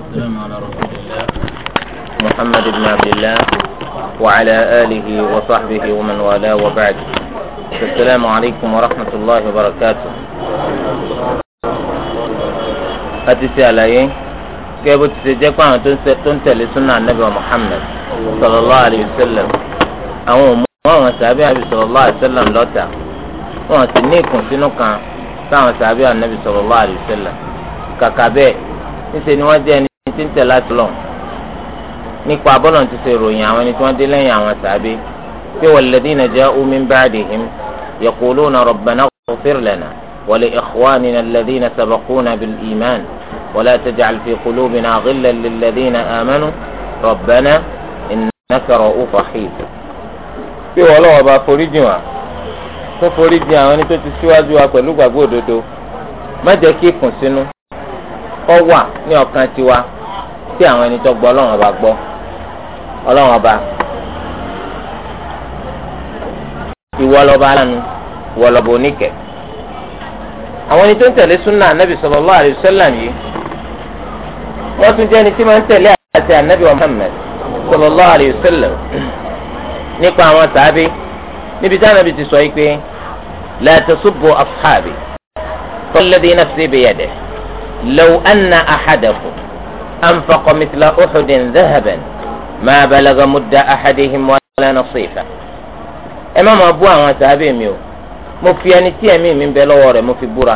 والسلام على رسول الله محمد بن عبد الله وعلى آله وصحبه ومن والاه وبعد السلام عليكم ورحمة الله وبركاته أتسي علي كيف تسجيك وأنا تنتهي سنة النبي محمد صلى الله عليه وسلم أو wọn sàbẹ صلى الله عليه وسلم lọta wọn sì ní ìkùnsínú kan النبي صلى الله عليه وسلم wasallam níṣẹ́ ni wọ́n jẹ́ ẹni tí ń tẹ̀ láti lọ nípa bọ́lọ̀ ti ṣe ròyìn àwọn ẹni tí wọ́n dé lẹ́yìn àwọn sàbí pé walladhina ja'u min ba'dihim yaquluna rabbana ighfir lana wa li ikhwanina alladhina sabaquna bil iman wa la taj'al fi qulubina ghillan lilladhina amanu rabbana innaka ra'ufur rahim. pé wọ́n lọ́wọ́ bá foríjì wá tó foríjì àwọn ẹni tó ti síwájú wa pẹ̀lú gbàgbọ́ òdodo má jẹ́ kí ìkùnsínú ọ wà ní ọkàn tiwa tí àwọn ẹni tó gbọ́ ọlọ́run ọba gbọ́ ọlọ́run ọba ìwọ lọba alánu ìwọ lọba oníkẹ àwọn ẹni tó ń tẹ̀lé súnà anábì sallallahu alaihi wasallam yìí wọ́n tún jẹ́ ẹni tí máa ń tẹ̀lé àti anábì wa Muhammad sallallahu alaihi wasallam nípa àwọn tàbí níbi tí anábì ti sọ yìí pé la tasubbu ashabi alladhi nafsi biyadihi. لو أن أحدكم أنفق مثل أحد ذهبا ما بلغ مد أحدهم ولا نصيفه ẹ má máa bú àwọn sàábì mi o mo fi ẹni tí ẹ̀mí mi ń bẹ lọ́wọ́ rẹ̀ mo fi búra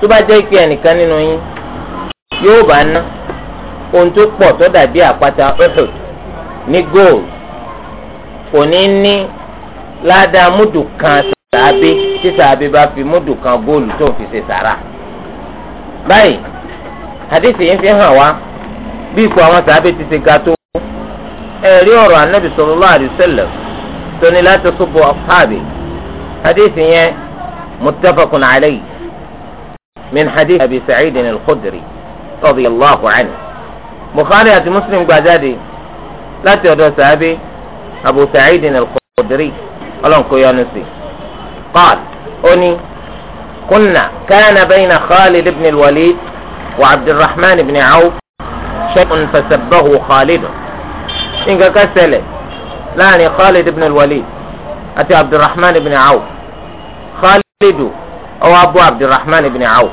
tó bá jẹ́ pé ẹnìkan nínú yín yóò bá ná ohun tó pọ̀ tó dàbí àpáta Uhud ní gold kò ní ní ládàá múdù kan sàábì tí sàábì bá fi múdù kan góòlù tó fi ṣe sàrà báyìí hadithi yìí fi hàn wá bí ipò àwọn sàábé ti ti ga tó ẹ̀rí ọ̀rọ̀ anabi sallallahu alaihi wasallam tóní láti sọ́bù ọ̀fáàbì hadithi yẹn muttafaqun alayhi min hadithi abi sa'id al-khudri radiyallahu anhu bukhari àti muslim gbàjáde láti ọ̀dọ̀ sàábé abu sa'id al-khudri ọlọ́nkóyọ́nù sí qaal ó قلنا كان بين خالد بن الوليد وعبد الرحمن بن عوف شيء فسبه خالد إن كسل لاني خالد بن الوليد أتي عبد الرحمن بن عوف خالد أو أبو عبد الرحمن بن عوف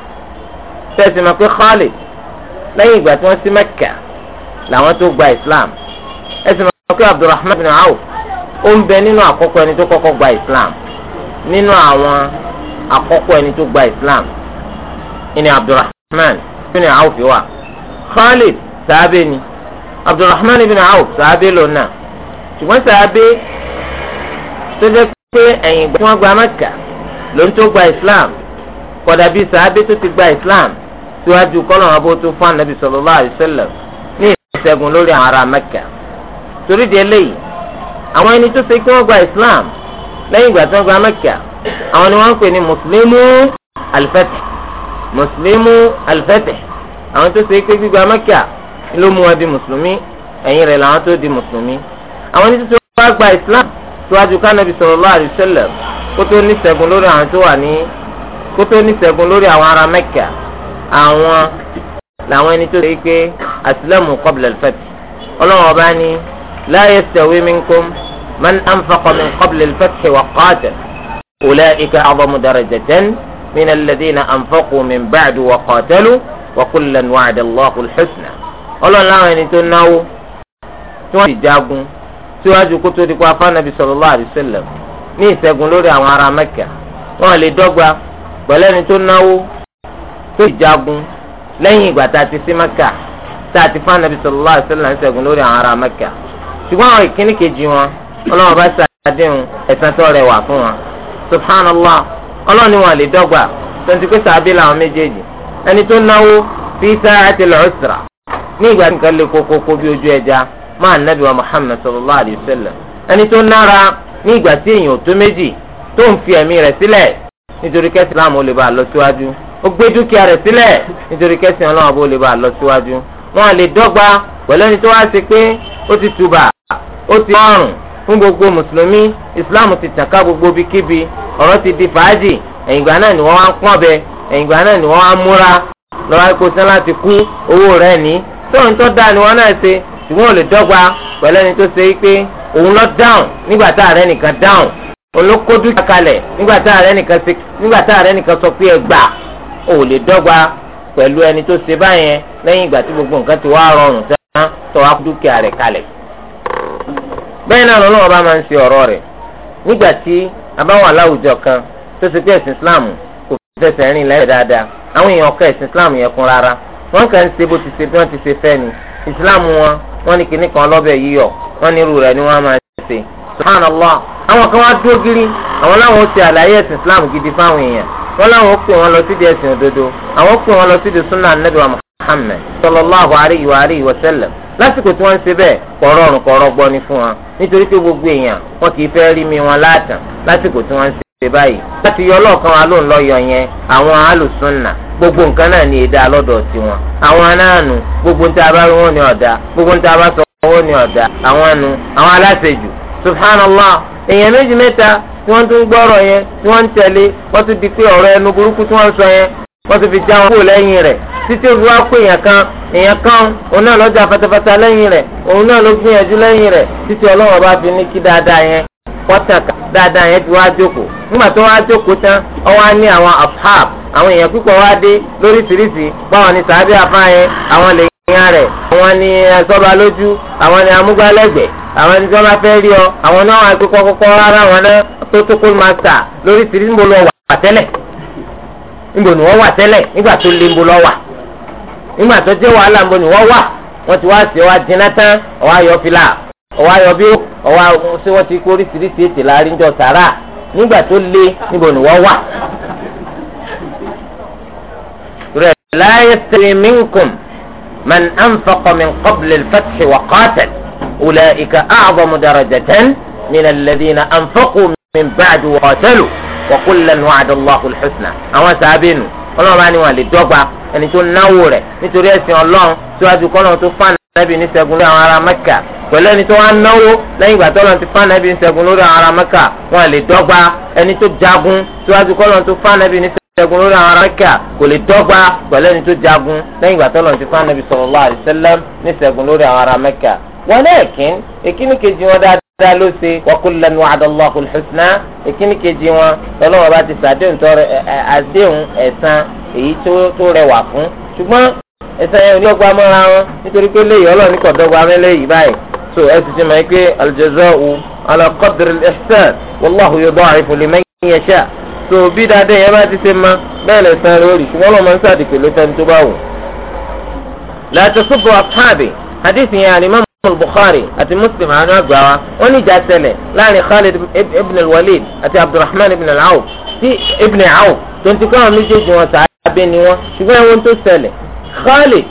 تسمى خالد لا يقبل تونسي مكة لا tó gba islam ẹsìn máa kí abdulrahman bin awf ó ń bẹ nínú àkọ́kọ́ ẹni tó kọ́kọ́ gba islam àkọ́kọ́ ẹni tó gba islam ẹni abdulrahman ibn awf wa khalid sàábé ni abdulrahman ibn awf sàábé lọ́nà ṣùgbọ́n sàábé tó jẹ́ pé ẹ̀yìn ìgbà tí wọ́n gba mẹ́kà ló ń tó gba islam kódà bíi sàábé tó ti gba islam síwájú kọ́lọ̀ wọn bó tó fún anabi sallallahu alaihi ní ìṣẹ́gun lórí àwọn ará torí di eléyìí àwọn ẹni tó ṣe kí wọ́n gba islam lẹ́yìn ìgbà tí wọ́n gba Mẹ́kà àwọn ni wọ́n ń pè ní mùsùlùmí alifẹ́tì mùsùlùmí alifẹ́tì àwọn tó ṣe pé gbígba Mẹ́kà ló mú wọn di mùsùlùmí ẹ̀yìn rẹ̀ làwọn tó di mùsùlùmí àwọn ní títí wọ́n gba Islam síwájú kánàbì sallallahu alaihi wasallam kó tó ní ṣẹ́gun lórí àwọn tó wà ní ará Mẹ́kà àwọn làwọn ẹni tó ṣe pé asilamu qabla alifẹ́tì من أنفق من قبل الفتح وقاتل أولئك أعظم درجة من الذين أنفقوا من بعد وقاتلوا وكلا وعد الله الحسنى Ọlọ́run láwọn ẹni tó náwó tí wọ́n sì jagun síwájú kó tó di kó afáànàbí sallallahu alaihi wasallam ní ìṣẹ́gun lórí àwọn ará Mẹ́kà wọ́n lè dọ́gba pẹ̀lú ẹni tó náwó tó sì jagun lẹ́yìn ìgbà tá a ti sí Mẹ́kà tá a ti fáànàbí sallallahu alaihi wasallam ìṣẹ́gun lórí àwọn ará Mẹ́kà ṣùgbọ́n àwọn ìkíní kejì wọn ọlọ́run bá sàdéhùn ẹ̀sán tó rẹwà fún wọn subhanallah ọlọ́run ni wọn lè dọ́gba tonti pé sàbí làwọn méjèèjì ẹni tó náwó fi sa'atil usra ní ìgbà tí nǹkan lè kókókó bí ojú ẹja máa nábì wa muhammed sallallahu alayhi wa sallam ẹni tó nára ní ìgbà tí èèyàn tó méjì tó ń fi ẹ̀mí rẹ̀ sílẹ̀ nítorí kẹ́sì láàmú ó lè bá a lọ síwájú ó gbé dúkìá rẹ̀ sílẹ̀ nítorí kẹ́sì ọlọ́run bó lè bá a lọ síwájú wọn lè dọ́gba pẹ̀lú ẹni tó wá sí pé ó ti tùbà ó ti ọrùn fún gbogbo mùsùlùmí islam ti tàn ká gbogbo bíkíbi ọ̀rọ̀ ti di fàájì ẹ̀yìngbà náà ni wọ́n wá ń pọ́n bẹ ẹ̀yìngbà náà ni wọ́n wá ń múra lọ́wọ́ ẹ̀kọ́ sẹ́ láti kú owó rẹ̀ ní tóun tó dáa ni wọ́n náà ṣe ṣùgbọ́n ò lè dọ́gba pẹ̀lú ẹni tó ṣe pé òun lọ dáhùn nígbà tá ààrẹ nìkan dáhùn òun ló kó dúkìá kalẹ̀ nígbà tá ààrẹ nìkan sọ pé ẹ gbà ò lè dọ́gba pẹ̀lú ẹni tó ṣe báyẹn lẹ́yìn ìgbà tí gbogbo nǹkan ti wá rọrùn tán tó dúkìá rẹ̀ kalẹ̀ bẹ́ẹ̀ náà lọ́wọ́ bá máa ń ṣe ọ̀rọ̀ rẹ̀ nígbà tí a bá wà láwùjọ kan tó ṣe pé ẹ̀sìn Islam kò fẹsẹ̀ rìn lẹ́yìn dáadáa àwọn èèyàn ọkọ ẹ̀sìn Islam yẹn kún rárá wọ́n kàn ń ṣe bó ti ṣe bí wọ́n ti ṣe fẹ́ ni Islam wọn wọ́n ní kinní kan lọ́bẹ̀ yíyọ̀ wọ́n ní irú rẹ̀ ni wọ́n máa ṣe subhanallah àwọn kan wá dúró gírí àwọn láwọn ó ṣe àlàyé ẹ̀sìn Islam gidi fáwọn èèyàn wọ́n láwọn ó pè wọ́n lọ sídìí ẹ̀sìn òdodo àwọn ó pè wọ́n lọ lásìkò tí wọ́n ń ṣe bẹ́ẹ̀ kọ̀rọ̀rùn kọ̀rọ̀gbọ́ ni fún wọn nítorí pé gbogbo èèyàn wọn kì í fẹ́ rí mi wọn láàtàn lásìkò tí wọ́n ń ṣe báyìí láti yọ ọlọ́ọ̀kan wa ló ń lọ́yọ̀ yẹn àwọn alùsùnà gbogbo nǹkan náà ni èdè alọ́dọ̀ tiwọn àwọn anáàánú gbogbo ń tá a bá rí wọn ni ọ̀dà gbogbo ń tá bá sọ wọn ni ọ̀dà àwọn anu àwọn aláṣejù subhanallah èèyàn méjì mẹ́ta tí wọ́n tún gbọ́rọ̀ yẹn tí wọ́n ń tẹ̀lé wọ́n tún di pé ọ̀rọ̀ ẹnu burúkú tí wọ́n sọ yẹn wọ́n ti fi já wọn kúrò lẹ́yìn rẹ̀ títí o fi wá kó èèyàn kan èèyàn kan òun náà lọ́jà fatafata lẹ́yìn rẹ̀ òun náà ló gbìyànjú lẹ́yìn rẹ̀ títí ọlọ́wọ́ bá fi ní kí dáadáa yẹn pọ́tàkà dáadáa yẹn ti wá jókòó nígbà tó wá jókòó tán ọ wá ní àwọn afhab àwọn èèyàn púpọ̀ wá dé lóríṣiríṣi báwọn ni sàábì afá yẹn àwọn lè yan rẹ̀ àwọn ni sọ́ba lójú àwọn ni amúgbálẹ́gbẹ̀ẹ́ àwọn ẹni tí wọ́n bá fẹ́ rí ọ àwọn náà wà pé kọ́kọ́kọ́ rárá àwọn náà tó tó kó máa tà lóríṣiríṣi ń bolo wà tẹ́lẹ̀ níbo ni wọ́n wà tẹ́lẹ̀ nígbà tó lé níbo lọ wà nígbà tó jẹ́ wàhálà níbo ni wọ́n wà wọ́n ti wá sí ọwọ́ adínà tán ọwọ́ ayọ̀ fìlà ọwọ́ ayọ̀ bí ọwọ́ ṣé wọ́n ti kó oríṣiríṣi ètè láàrin jọ sàrà nígbà tó lé níbo ni wọ́n wà. rẹ̀ láyé sẹ́yìn man anfaqa min qabli al-fathi wa qatal ulaika a'zamu darajatan min alladhina anfaqu min ba'du wa wa kullan wa'ada Allahu al-husna àwọn sàábìnù ọlọ́run bá ní wọn lè dọ́gba ẹni tó náwó rẹ̀ nítorí ẹ̀sìn ọlọ́run síwájú kọ́lọ́run tó fún ànábì ní ṣẹ́gun lórí àwọn ará mẹ́kà pẹ̀lú ẹni tó wá náwó lẹ́yìn ìgbà tọ́lọ́run ti fún ànábì ní ṣẹ́gun lórí àwọn ará mẹ́kà wọn lè dọ́gba ẹni tó jagun síwájú kọ́lọ́run tó fún ànábì ní ṣẹ́gun lórí àwọn ará mẹ́kà kò lè dọ́gba pẹ̀lú ẹni tó jagun lẹ́yìn ìgbà tọ́lọ́run ti fún ànábì sallallahu walakin ìkíni kejì wọn dáadáa ló ṣe wa kullan wa'ada Allahu al-husna ìkíni kejì wọn ọlọ́wọ́n bá ti sàdéhùn tọrọ àdéhùn ẹ̀san èyí tó rẹwà fún ṣùgbọ́n ẹ̀san yẹn olóògbé amọ́ra wọn nítorí pé léyìí ọlọ́ọ̀ni kò dọ́gba amẹ́lẹ́yìí báyìí so ẹ ti ti mọ̀ pé al-jaza'u ala qadri al-ihsan wallahu yudha'ifu liman yasha' so lè san lórí ṣùgbọ́n yẹn al Bukhari àti Muslim àánú àgbà wa wọn ní ìjà ṣẹlẹ̀ láàrin Khalid ibn al-Walid àti Abdulrahman ibn al-Awf tí ibn al-Awf tó ń ti kọ́ àwọn méjèèjì wọn sàábẹ́ ni wọn ṣùgbọ́n ẹ̀wọ̀n tó ṣẹlẹ̀ Khalid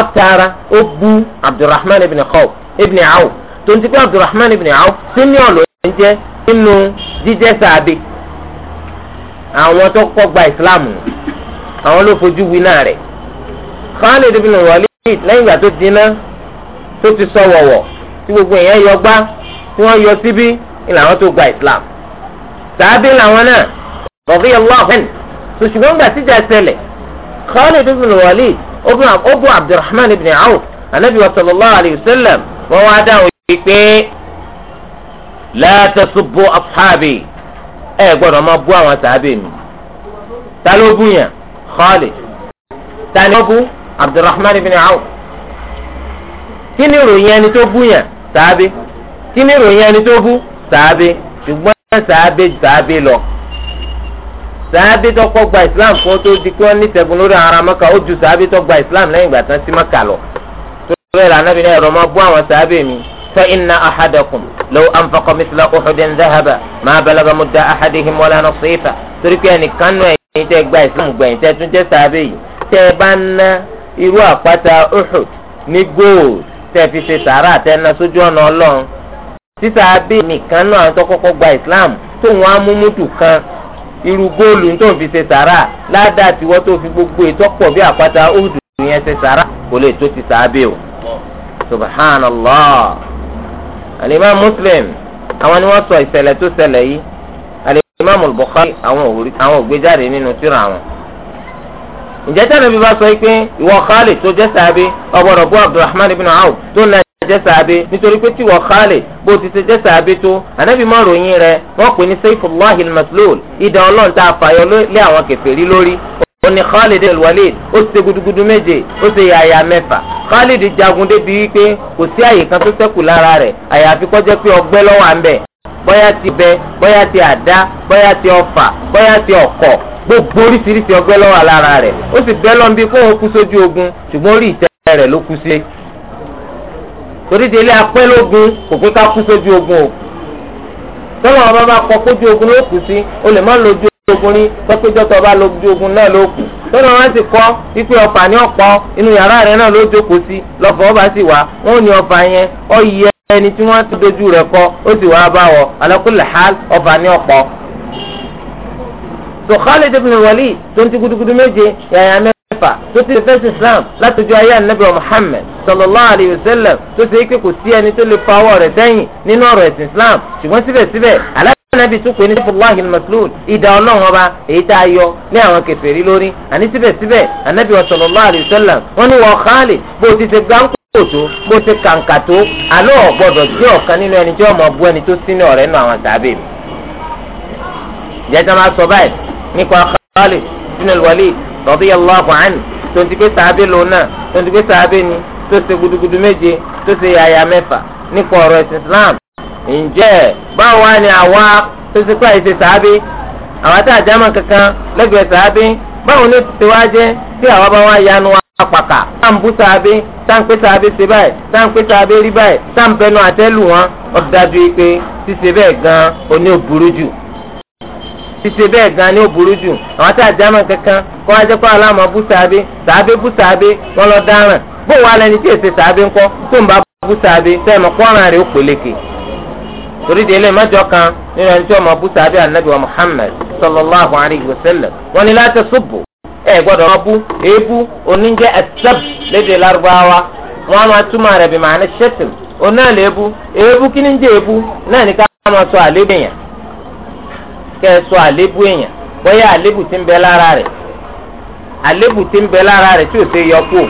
ọ̀tara ó bu Abdulrahman ibn Khawf ibn al-Awf tó ń ti kọ́ Abdulrahman ibn al-Awf senior ló ń jẹ́ nínú jíjẹ́ sàábẹ́ àwọn tó kọ́ gba ìsìláàmù àwọn ló fojú winá rẹ̀ Khalid ibn al-Walid lẹ́yìn ìgbà tó dinná tó ti sọ wọ̀wọ̀ tí gbogbo èèyàn yọ gbá tí wọ́n yọ síbí ni làwọn tó gba islam sàábí làwọn náà rọ̀bí ọlọ́ọ̀hìn ṣùṣùgbọ́n gbà síjà ṣẹlẹ̀ Khalid ibn Walid ogun Abdurrahman ibn Awf anabi wa sallallahu alayhi wa sallam wọ́n wá dáhùn yìí pé la tasubbu ashabi ẹ gbọ́dọ̀ máa bú àwọn sàábì mi ta ló bú yàn Khalid ta ni bú Abdurrahman ibn Awf kí ni ìròyìn ẹni tó bú yàn sàábé kí ni ìròyìn ẹni tó bú sàábé ṣùgbọ́n sàábé sàábé lọ sàábé tó kọ́ gba islam kó tó di pé wọ́n ní tẹ̀gùn lórí ara mọ́ka ó ju sàábé tó gba islam lẹ́yìn ìgbà tán sí mọ́ka lọ. tó bẹ́ẹ̀ lànà bí ẹ̀rọ máa bú àwọn sàábé mi fa inna ahadakum law anfaqa mithla uhudin dhahaba ma balagha mudda ahadihim wala nasifa torí pé ẹnìkan nù ẹ̀yìn tẹ́ gba islam gbẹ̀yìn tẹ́ tún jẹ́ sàábé yìí tẹ́ bá ná irú àpáta uhud ní gold tẹ́ fi ṣe sàárà àtẹná sójú ọ̀nà ọlọ́run títà bíi nìkan náà tó kọ́kọ́ gba islam tó wọn á mú mútù kan irú góòlù tó ń fi ṣe sàárà ládàá tiwọ́ tó fi gbogbo ètò pọ̀ bí àpáta òdù yẹn ṣe sàárà kò lè tó ti sàábì o subhanallah alimam muslim àwọn ni wọ́n sọ ìṣẹ̀lẹ̀ tó ṣẹlẹ̀ yìí alimam bukhari àwọn ògbéjáde nínú tírà wọn ǹjẹ́ tẹ́lẹ̀ bí bá sọ pé ìwọ Khalid tó jẹ́ sàábé ọgbọ́dọ̀ bú Abdulrahman ibn Awf tó na jẹ́ sàábé nítorí pé tíwọ Khalid bó ti ṣe jẹ́ sàábé tó anábì má ròyìn rẹ̀ wọ́n pè ní Sayfullahi maslul idà ọlọ́run tá a fàyọ lé àwọn kèfèrí lórí ó ní Khalid al-Walid ó ṣe gudugudu méje ó ṣe yàyà mẹ́fà Khalid jagun débi wípé kò sí àyè kan tó ṣẹ́kù lára rẹ̀ àyàfi kó jẹ́ pé ọgbẹ́ lọ́wọ́ à ń bẹ̀ bóyá ti bẹ bóyá ti àdá bóyá ti ọfà bóyá ti ọ̀kọ̀ gbogbo oríṣiríṣi ọgbẹ́ lọ́wọ́ lára rẹ̀ ó sì bẹ́ lọ́n bí kó o kú sójú ogun ṣùgbọ́n orí ìtẹ́ rẹ̀ ló kú sí. torí délé apẹ́ lógun kò pé ká kú sójú ogun o. tọ́wọ́n ọba bá kọ kójú ogun ló kù sí o lè má lójú ogun rí pẹ́pẹ́jọ́ tó bá lójú ogun náà ló kù. tọ́wọ́n wọn ti kọ́ wípé ọfà ní ọ̀pọ̀ inú yàrá rẹ̀ náà ló jókòó sí lọ́fọ̀ ọba sì wá wọn ò ní ọ ẹni tí wọ́n ti dojú rẹ̀ kọ ó sì wá bá wọ alákùlẹ̀ hàl ọfà ní ọ̀pọ̀ tó Khalid ibn Walid tó ń ti gudugudu méje yàyà mẹ́fà tó ti fẹsẹ̀ Islam látọjú ayé anabi Muhammad sallallahu alayhi wa sallam tó ṣe ike kò sí ẹni tó lè fa ọwọ́ rẹ̀ sẹ́yìn nínú ọ̀rọ̀ ẹ̀sìn Islam ṣùgbọ́n síbẹ̀síbẹ̀ alábìnrin tún pè ní sọfúnláhìn maslul ìdá ọlọ́run ọba èyí tá a yọ ní àwọn kèfèrí lórí àní síbẹ̀síbẹ̀ anabi sallallahu alayhi wa sallam wọ́n ní wọ́n Khalid bó ti ṣe gbáǹkó tó bó ṣe kàǹkà tó àlọ́ ọ̀gbọ́dọ̀ jẹ́ ọ̀kan nínú ẹni tí ọmọ bu nípa Khalid bin al-Walid radiyallahu anhu tó ń ti pé sàábé lòun náà tó ń ti pé sàábé ni tó ṣe gudugudu méje tó ṣe yàyà mẹ́fà nípa ọ̀rọ̀ ẹ̀sìn Islam ǹjẹ́ báwo ni àwa tó ṣe pé àìṣe sàábé àwa tá àjámọ̀ kankan lẹ́gbẹ̀ẹ́ sàábé báwo ló ti wá jẹ́ tí àwa bá wá yanu apàkà tá à ń bú sàábé tá à ń pé sàábé ṣe báyìí tá pé sàábé rí báyìí tá bẹnu àtẹ́lù wọn ó dájú pé ṣíṣe bẹ́ẹ̀ gan-an oní ṣíṣe bẹ́ẹ̀ gan ni ó burú jù àwọn tá a já mọ́ kankan kó wá jẹ́ kó aláàmọ́ bú sàábé sàábé bú sàábé wọn lọ dáràn bó wà lẹni tí èsè sàábé ńkọ́ tó ń bá bú sàábé sẹ́mi kọ́ran rẹ̀ ó peléke torí de ilé mẹ́jọ kan nínú ẹni tí ọmọ bú sàábé anabi wa Muhammad sallallahu alayhi wa sallam wọn ni láti ṣubú ẹ gbọ́dọ̀ wọn bú èébú oníjẹ ẹsẹp lédè Lárúbáwá wọn máa túmọ̀ rẹ̀ bí màá ní ṣẹtìm onáà léébú kẹ́ ẹ sọ àlébù èèyàn bóyá alebu ti ń bẹ lára rẹ̀ alebu ti ń bẹ lára rẹ̀ tí ò ṣe yọ kù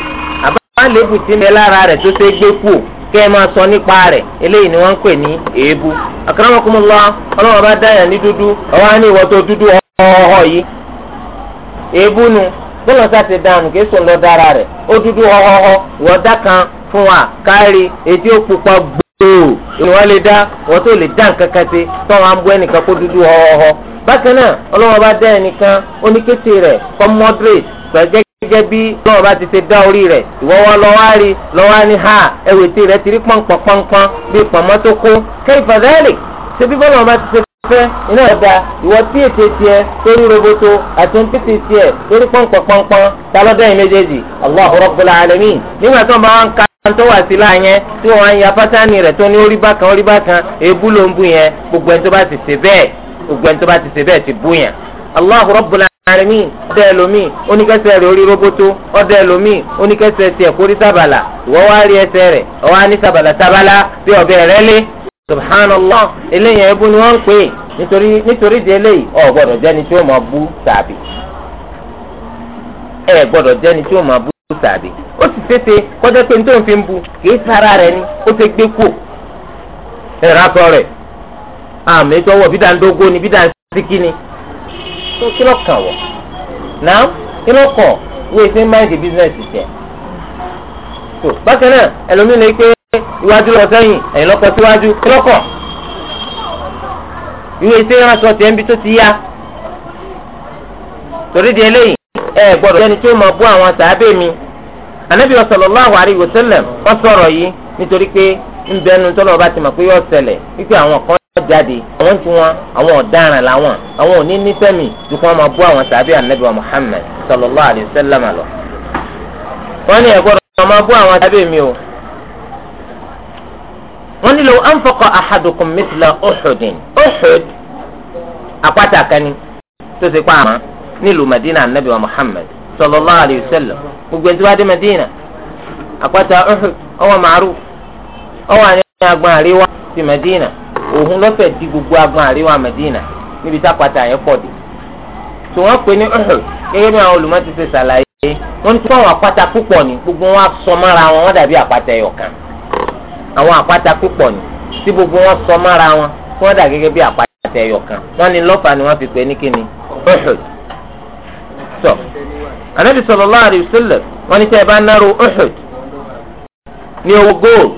àbá alebu ti ń bẹ lára rẹ̀ tó ṣe gbé kù kẹ́ máa sọ nípa rẹ̀ eléyìí ni wọ́n ń pè ní èébú. akramakumullah ọlọ́wọ́n bá dáyà ní dúdú ọwọ́ á ìwọ tó dúdú nu dànù kí lọ dára ó tó ìwà lè dá wọ́n tó lè dá nǹkan kan ṣe tọ́wọ́n á ń bọ́ ẹnìkan kó dúdú họ́họ́họ́ bákan náà ọlọ́wọ́n bá dá ẹnìkan oníkété rẹ̀ kọ́ mọ́dírèt pẹ̀jẹ́ gẹ́gẹ́ bí ọlọ́wọ́n bá ti ṣe dá orí rẹ̀ ìwọ́wọ́ lọ́wọ́ á rí lọ́wọ́ á ní ha ẹ̀wẹ̀tì rẹ̀ ti rí pọ́npọ́npọ́n bí pọ̀nmọ́ tó kó kẹ́rìfàdẹ́rì ṣe bí bọ́lá ọba ti ṣe fẹ́ iná ọ̀dà ìwọ tí ètè tiẹ̀ torí roboto àti ntìtì tiẹ̀ torí pọ́npọ́npọ́n ta lọ́dọ̀ yìí méjèèjì Allahu Rabbul Alamin nígbà tí wọ́n bá ń ka wọn tó wà sí la yẹn tí wọn ya pátánì rẹ tó ní orí bákan orí bákan èébú ló ń bú yẹn gbogbo ẹni tó bá ti ṣe bẹ́ẹ̀ gbogbo ẹni tó bá ti ṣe bẹ́ẹ̀ ti bú yẹn. Allahu Rabbul alamin ọdẹ ẹlòmíì oníkẹsẹ̀ rẹ orí roboto ọdẹ ẹlòmíì oníkẹsẹ̀ tiẹ̀ kórí sábàlà ìwọ wá rí ẹsẹ̀ rẹ ọwọ ní sábàlà sábàlà bí ọbẹ rẹ lé subhanallah eléyìí ẹbú ni wọn ń pè é nítorí nítorí di eléyìí ọ gbọ́dọ̀ jẹni tí ó máa bú tàbí ẹ jẹni tí ó máa bú tó tàbí ó sì tètè kọjá pé nítorí fi ń bu kì í sara rẹ ni ó ti gbé kú ẹ̀rọ aṣọ rẹ̀ àmì ètò ọwọ́ bí dáńdógó ni bí dáńsíkí ni tó kí ló kàn wọ̀ náà kí ló kàn wọ́n èsì máìndì bísíǹsì tiẹ̀ tó bákan náà ẹlòmíràn lè pé iwájú lọ sẹ́yìn ẹ̀yìn lọ́kọ̀ síwájú kí ló kàn ìwé èsì ránṣọ tiẹ̀ ń bi tó ti yá torí di eléyìí ẹ gbọ́dọ̀ jẹ́ni tí ó bú àwọn sàábẹ́ mi anabi sallallahu alayhi wa sallam ó yìí nítorí pé nbẹnu tọ́lọ̀ ti mọ̀ pé yóò ṣẹlẹ̀ wípé àwọn kan jáde àwọn tí wọn àwọn ọ̀daràn làwọn àwọn òní bú àwọn wa sallallahu wa sallam ní ẹ ma bú àwọn mi o wọ́n nílò anfaqa ahadukum mithla uhudin uhud àpáta kan ni tó ti nílùú Madina anabi wa Muhammad sallallahu alayhi wa sallam gbogbo ẹni tó bá dé Madina àpáta Uhud ọwọ́ màrú ọwọ́ àní agbọn àríwá ti Madina òhun lọ́fẹ̀ di gbogbo agbọn àríwá Madina níbi yẹn tí pè ní wọ́n ti gbogbo wọn sọ mọ́ra wọn wọ́n dàbí àpáta ẹyọ kan àwọn àpáta gbogbo wọn tọ anabi sallallahu alayhi wa sallam wọ́n ní tẹ́ ẹ bá náró Uhud ní owó gold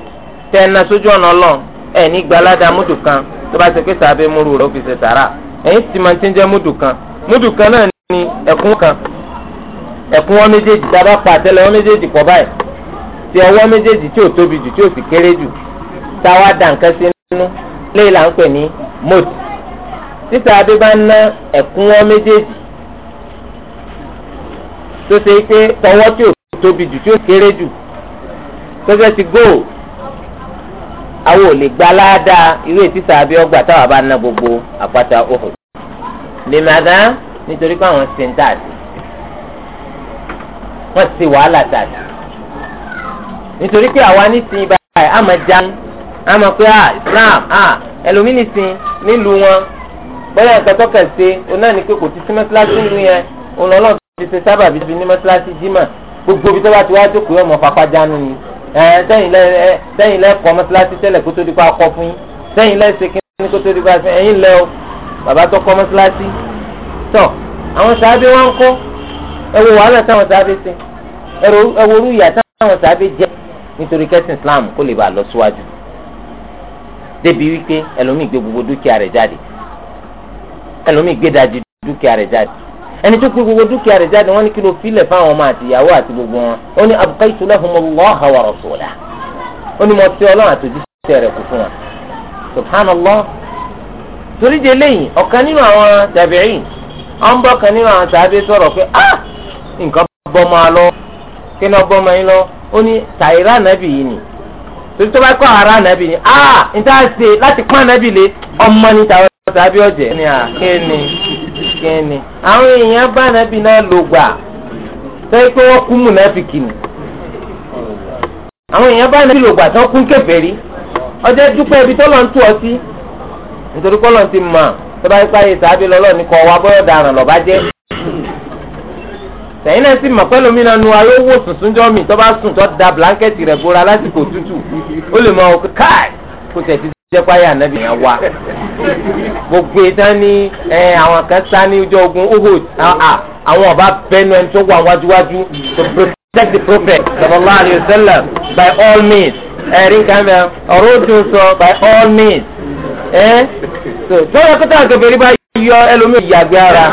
tẹ́ ẹ ná sójú ọ̀nà Ọlọ́run ẹ ní gbalada múdù kan tó bá ṣe pé sàbẹ múru rẹ ó fi ṣe sàrà ẹ̀yin sì máa ti ń jẹ múdù kan múdù kan náà ní ẹkún kan ẹkún wọn méjèèjì dábàá pa àtẹ́lẹ wọn méjèèjì pọ̀ báyìí ti ọwọ́ méjèèjì tí ò tóbi jù tí ò sì kéré jù táwa dà nǹkan sí nínú léyìí ń pè ní mọ́tì títà abẹ bá ná ẹkún wọn méjèèjì tó ṣe pé tọwọ́ tí ò tóbi jù tí ó kéré jù gẹ́gẹ́ ti gold àwọn ò lè gba ládàá irú ètí sàbí ọgbà táwa bá ná gbogbo àpáta òhò lèmàdá nítorí pé àwọn ṣe ń tààtì wọ́n ṣe wàhálà tààtì nítorí pé àwa nísìnyí báyìí àmọ́ jáde àmọ́ pé ah Islam ah ẹlòmíì nìsín nílùú wọn bóyá nǹkan tọ́kẹ̀ ṣe òun náà ní pé kò ti símẹ́síláṣí nínú yẹn òun lọ́nà ṣe sábà bíi ní mọ́tíláṣí jimá gbogbo ibi tó bá ti wá jókòó ọmọ fapájánu ni sẹ́yìn lẹ́kọ̀ọ́ mọ́tíláṣí tẹ́lẹ̀ kó tó di pa akọ fún yín sẹ́yìn lẹ́sẹ̀ kí kó tó di pa fún ẹ̀yìn lẹ́ o bàbá tó kọ́ mọ́tíláṣí tọ̀ àwọn sàábé wọn ń kọ́ ẹwọ wàhálà táwọn sàábé ṣe ẹwọ orú ìyà táwọn sàábé jẹ nítorí kẹ́sìn Islam kó lè bá a lọ síwájú débi wípé ẹlòmíì gbé gbogbo dúkìá rẹ̀ jáde ẹlòmíì gbé dajì dúkìá rẹ̀ jáde ẹni tó kó gbogbo dúkìá rẹ̀ jáde wọ́n ní kí ló filẹ̀ fáwọn ọmọ àtìyàwó àti gbogbo wọn ó ní abqaytu lahumullaha wa rasulahu ó ní mo fi ọlọ́run àtòjúṣe rẹ̀ kú fún wọn subhanallah torí de lẹ́yìn ọ̀kan nínú àwọn tàbíyìn ọ̀n bọ̀ kan nínú àwọn tàbí sọ̀rọ̀ pé ah nǹkan bọ́ máa lọ kí ni ọgbọ́n máa ń lọ ó ní tàyírà nàbì yìí ni torí tó bá kọ́ ara nàbì ni ah níta ṣe láti pọ́n nàbì lé ọmọ ní tàbí ọ̀jẹ̀ ní à kí ni. kíni àwọn èèyàn bá nàbì náà lò gbà sẹ́yìn pé wọ́n kú mùnàfíkì ni àwọn èèyàn bá nàbì lò gbà tó kún ọjọ́ dúpẹ́ ibi tó lọ ń tù ọ sí nítorí ti mọ̀ tó bá yípa yìí sáábì lọ́lọ́ ní kọ́ wa bọ́yọ̀ dàrán lọ́ba jẹ́ sẹ́yìn náà sì mọ̀ pẹ́lú mi náà nu ayé owó jọ́ mi tó bá sùn tó da blanketi rẹ̀ bora lásìkò tútù ó lè mọ òkè káì kó jẹ́ gbogbo ìtàn e ní àwọn kan sá ní ojú ogun uhud àwọn ọba bẹnu ẹni tó wà wájúwájú to protect the prophet sallallahu alayhi wa sallam by all means ẹ̀rí nǹkan bẹ́ẹ̀ ọ̀rọ̀ òdùn sọ by all means ẹ́ so sọ́yọ́ kọ́tà àgbẹ̀bẹ̀rẹ̀ bá yọ ẹlòmíràn ìyàgbẹ́ ara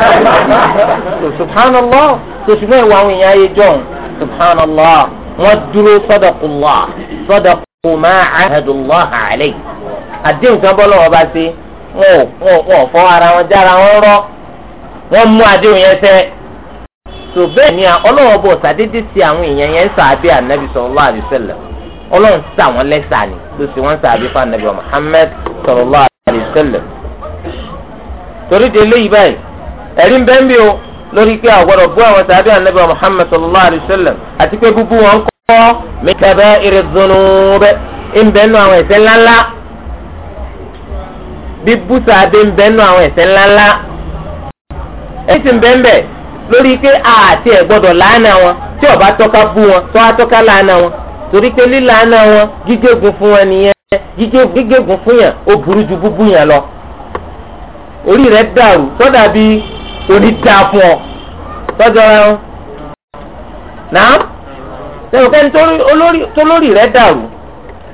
so subhanallah so ṣùgbọ́n ìwà àwọn èèyàn ayé jọ̀hún subhanallah wọ́n dúró sadaqullah sadaqu ma ahadullah alayhi àdéhùn kan bọ́ lọ́wọ́ bá ṣe. wọn ò wọn ò fọ ara wọn jára wọn rọ wọn mú àdéhùn yẹn ṣẹ tó bẹ́ẹ̀ ni ọlọ́wọ́ bò sàdédé sí àwọn èèyàn yẹn sàbí ànábì ọlọ́run sà wọ́n lẹ́sà ni ló sì wọ́n sàbí fún ànábì torí de báyìí ẹ̀rí ń bẹ́ẹ̀ o lórí pé bú àwọn sàbí ànábì àti pé wọn kọ́ min kaba'iri bẹ́ẹ̀ nù bí búsà adé ń bẹ́nu àwọn ẹ̀ṣẹ̀ ńláńlá ẹ̀ṣẹ̀ ti ń bẹ́ńbẹ́ lórí pé àti ẹ̀ gbọ́dọ̀ láàánà wọn tí ọba tọ́ka bú wọn tó wá tọ́ka láàánà wọn torí pé líláàánà wọn gígégun fún wọn nìyẹn gígégun fún yàn ó burú ju búbú yàn lọ orí rẹ̀ dàrú sọ́dà bí onídàá fún ọ tọ́jọ́ rẹ̀ ń náà lẹ́yìn kẹ́ni tó lórí rẹ̀ dàrú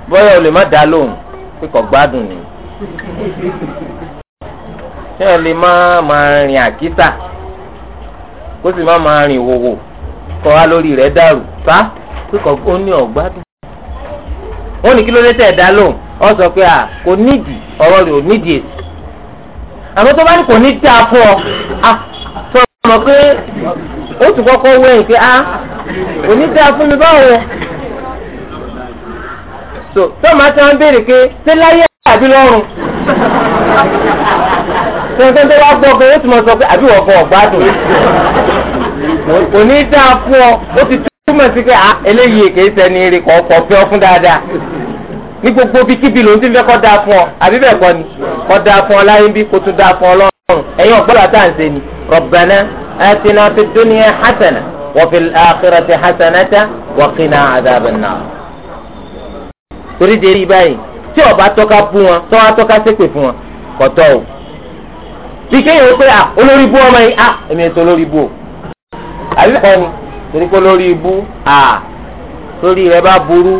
bọ́yá o lè má dá lóhùn pé kò gbádùn nìyí ṣé ẹ lè má máa rìn àkísà kó sì má máa rìn wòwò kọ́ wa lórí rẹ̀ dàrú fa pé kọ̀ọ̀kan ó ní ọ̀gbádùn wọ́n ní kí ló dé tẹ̀ dá lóhùn ọ sọ pé à kò nídìí ọ̀rọ̀ rẹ̀ ò nídìí èsì àmọ́ tó bá ní kò ní dáa fún ọ à sọ mọ̀ pé ó tún kọ́kọ́ wé ẹ̀ pé à kò ní dáa fún mi báwo so tó máa ti wọn béèrè pé ṣé láyé àbí lọ́rùn tuntun tó bá gbọ́ pé ó ti mọ sọ pé àbí wọ́n gbọ́ ọ̀gbádùn kò ní í dáa fún ọ ó ti túmọ̀ sí pé eléyìí èké sẹ́ni eré kọ̀ ọ̀pọ̀ fẹ́ ọ fún dáadáa ní gbogbo bíkíbi ló ń ti fẹ́ kọ́ dáa fún ọ àbí bẹ́ẹ̀ kọ́ ni kọ́ dáa fún ọ láyé bí kò tún dáa fún ọ lọ́rùn ẹ̀yin ọ̀gbọ́dọ̀ tá à ń ṣe ni Rabbana atina fid dunya hasana wa fil akhirati hasanata wa qina adhaban nar. torí de báyìí tí ọba tọ́ka bú wọn tọ́wá tọ́ka ṣépè fún wọn kọ̀tọ́ o bí kéèyàn ó pé à olórí bú ọmọ yìí à èmi ètò olórí bú o àbí kọ́ ni torí pé olórí ibú à lórí rẹ bá burú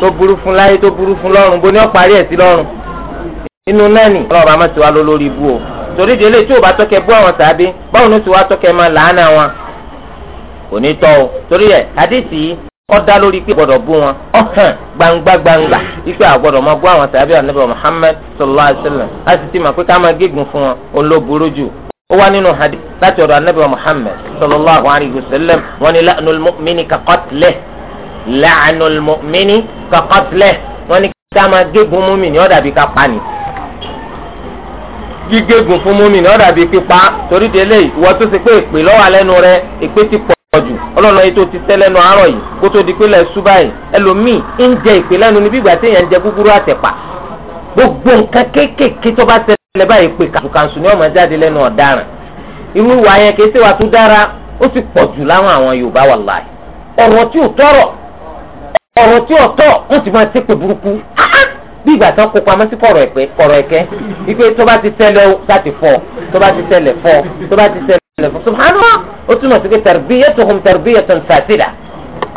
tó burú fún láyé tó burú fún lọ́run bó ní ó parí ẹ̀ sí lọ́run inú náà nì ọlọ́ọ̀bá má ti wá lọ ibú o torí délé tí ò tọ́kẹ bú àwọn tàbí báwo ni ó ti wá tọ́kẹ máa làánà wọn kò ní tọ́ o torí ẹ̀ àdìsí ọdá lórí pé gbọ́dọ̀ bú wọn ọhàn gbangba gbangba ipe àgbọ́dọ̀ máa bú àwọn sàbẹ ànábì Muhammad sallallahu alaihi wa sallam a sì ti mà pé ká máa gégùn fún wọn olóburú jù ó wá nínú hadith láti ọ̀dọ̀ ànábì Muhammad sallallahu alaihi wa sallam wọn ni la'nul mu'mini ka qatlihi la'nul mu'mini ka qatlihi wọn ni ká máa gégùn mùmínì ó dà ká pa ni gígégùn fún mùmínì ó dà pípa torí jù ọlọ́run ayé tó ti tẹ́ lẹ́nu àárọ̀ yìí kó tó di pé lẹ́ẹ̀ sú báyìí ẹlòmíì ń jẹ ìpè lẹ́nu níbi ìgbà téèyàn ń jẹ gúgúrú àtẹ̀pà gbogbo nǹkan kéékèèké tó bá ṣẹlẹ̀ báyìí pé kàṣùkàṣù ni ó máa jáde lẹ́nu ọ̀daràn irú ìwà yẹn kìí ṣe wà tó dára ó sì pọ̀ jù láwọn àwọn Yorùbá wà láàyè ọ̀rọ̀ tí ò tọ̀rọ̀ ọ̀rọ̀ tí ò tọ̀ wọ́n ti máa ṣépè burúkú bí ìgbà tán kó pamọ́ sí kọ̀rọ̀ ẹ̀pẹ́ kọ̀rọ̀ ẹ̀kẹ́ ipe tó bá ti ó túmọ̀ sí pé tarbiyatuhum tarbiyatan fasida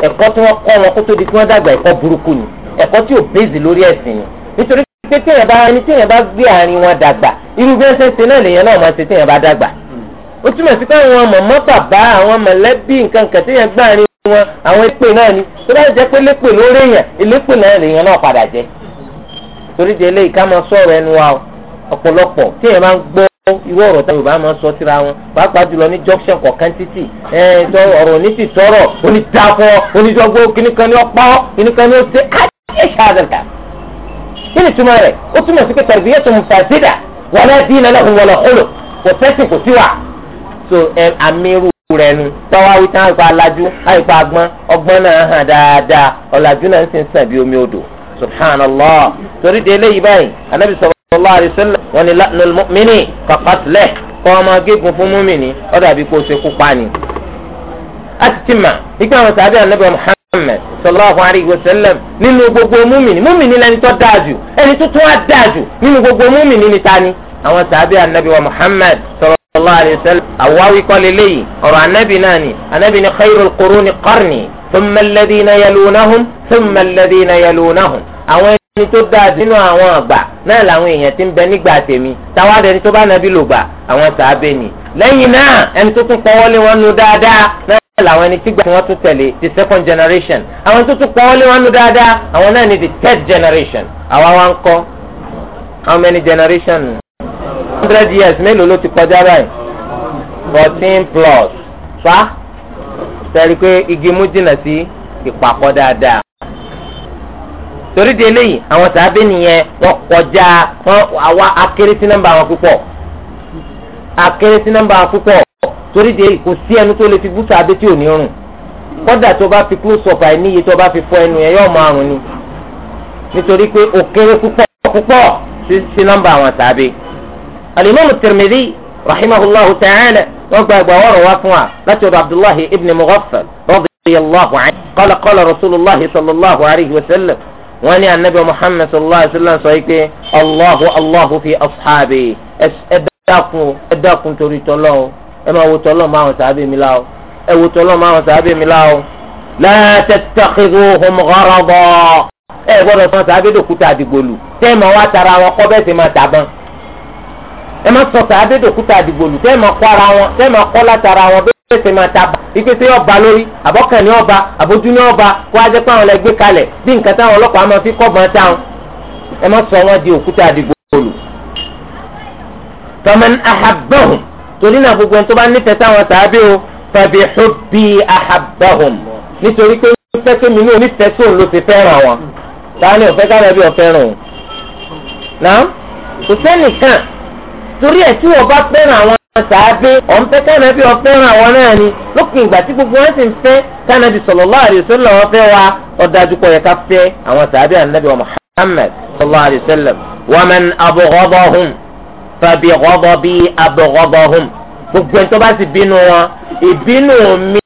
ẹ̀kọ́ tí wọ́n kọ́ wọn kó tó di kí wọ́n dàgbà ẹ̀kọ́ burúkú ni ẹ̀kọ́ tí ò bẹ́ẹ̀sì lórí ẹ̀sìn ni nítorí pé téèyàn bá ẹni téèyàn bá gbé àárín wọn dàgbà irú bí wọ́n ṣe ń ṣe náà lèèyàn náà máa ṣe téèyàn bá dàgbà ó túmọ̀ sí pé àwọn mọ̀mọ́ bàbá àwọn mọ̀lẹ́bí nǹkan kan téèyàn gbá àárín wọn àwọn èpè náà ni tó bá jẹ́ pé lépè lórí èèyàn ìlépè náà lèèyàn náà padà jẹ́ torí de eléyìí ká máa sọ̀rọ̀ ẹnu wa ọ̀pọ̀lọpọ̀ téèyàn máa ń gbọ́ ìwọ ọ̀rọ̀ táwọn yorùbá máa ń sọ síra wọn pàápàá jùlọ ní junction kọ̀ọ̀kan títì ẹ̀ tọ́ ọ̀rọ̀ ní ti sọ̀rọ̀ onídàáfọ́ onídọ́gbó kíníkan ní ọ̀pá kíníkan ní ọ̀sẹ̀ káyé ṣáàdàkà. kí ni túmọ̀ rẹ̀ ó túmọ̀ sí pé tarbiyatun mufasida wala dina lahum wala khuluq kò sẹ́sìn kò sí wà. so ẹ amírù rẹ̀ nu tọ́wá wí tán àìpa alájú àìpa agbọ́n ọgbọ́n náà hàn dáadáa ọ̀làjú náà ń sìn sàn bí omi odò subhanallah torí de eléyìí báyìí anábì sọ sallallahu alaihi wasallam wọ́n ní la'nul mu'mini ka qatlihi kọ́ ọmọ gígùn fún múmìnì ó dàbí kó o ṣe kú pani. a ti ti mà nígbà àwọn sàbí ànábì Muhammad sallallahu alaihi wasallam nínú gbogbo múmìnì múmìnì lẹni tó dáa jù ẹni tó tún á dáa jù nínú gbogbo múmìnì ni ta ni àwọn sàbí ànábì Muhammad sallallahu sallallahu alayhi wa sallam awaawi kọ́lé léyìí ọ̀rọ̀ anabi náà ni anabi ni khayrul quruni qarni thumma alladhina yalunahum thumma alladhina yalunahum àwọn ẹni tó dáa nínú àwọn àgbà náà làwọn èèyàn ti ń bẹ nígbà tèmi táwa dẹni tó bá nàbí lò gbà àwọn sàábẹ ni lẹ́yìn náà ẹni tó tún pọwọlé wọn nu dáadáa náà làwọn ẹni tí gbà wọn tún tẹ̀lé the second generation àwọn tó tún pọwọlé wọn nu dáadáa àwọn náà ni the third generation àwa wa ń kọ́ how many generation hundred years mélòó ló ti kọjá báyìí fourteen plus fa I pé igi mú jìnnà sí ìpapọ̀ dáadáa torí de eléyìí àwọn sàábé nìyẹn wọ́n kọjá wọn àwa akéré sí nọ́mbà wọn púpọ̀ akéré sí nọ́mbà wọn púpọ̀ torí de kò sí ẹnu tó lè fi bú sàábé tí ò ní rùn kódà tó bá fi close up àìníye tó bá fi fọ ẹnu yẹn yóò máa rùn ni nítorí pé ó kéré púpọ̀ púpọ̀ sí nọ́mbà àwọn sàábé. alimami Tirmidhi rahimahullahu ta'ala wọ́n gba ẹgbàá wọ́rọ̀ wá fún wa láti ọ̀dọ̀ abdullahi ibn mughaffal radiyallahu anhu qala qala sallallahu alayhi wa sallam wọ́n ní anabi muhammed sallallahu alayhi wa sallam sọ yìí pé allahu allahu fi ashabi ẹ dákun ẹ dákun torí tọlọ o ẹ máa wo tọlọ máa wọn sàábì mi láò ẹ wo tọlọ máa wọn sàábì mi láò la tattakhiduhum gharada ẹ gbọ́dọ̀ sọ sàábì dòkúta àdìgbòlù tẹ́ ẹ tara wọn kọ́ bẹ́ẹ̀ sì máa tàbọn ẹ máa sọ sàábì dòkúta àdìgbòlù tẹ́ ẹ ara wọn tẹ́ ẹ látara wọn ẹsẹ̀ máa ta ike tí ọba lórí àbọ̀kàn ní ọba àbójú ní ọba kó a jẹ́ pé àwọn ẹgbẹ́ kalẹ̀ bí nǹkan táwọn ọlọ́pàá máa fi kọ́bọ̀n táwọn ẹ má sọ wọn di òkúta àdìgbò olù. tọ́mọ̀n ahabahum torí náà gbogbo ẹni tó bá nífẹ̀ẹ́ táwọn sàábé o fàbí hubbi ahabahum nítorí pé fẹ́ kí mi ní onífẹ̀ẹ́ sóun ló ti fẹ́ràn wọn táwọn ò fẹ́ kára bí ọ̀fẹ́ràn o. náà sàábé ọ̀npẹ́ kánàbí ọ̀fẹ́ràn àwọn náà ni lópin ìgbà tí gbogbo wọn sì ń fẹ́ kánàbí sallallahu alaihi wasallam wọn fẹ́ wa ọ̀dájú pọ̀ yẹ ká fẹ́ àwọn sàábé ànábì wa Muhammad sallallahu alaihi wasallam wa man abghadahum fabi ghadabi abghadahum gbogbo ẹni tó bá sì bínú wọn ìbínú mi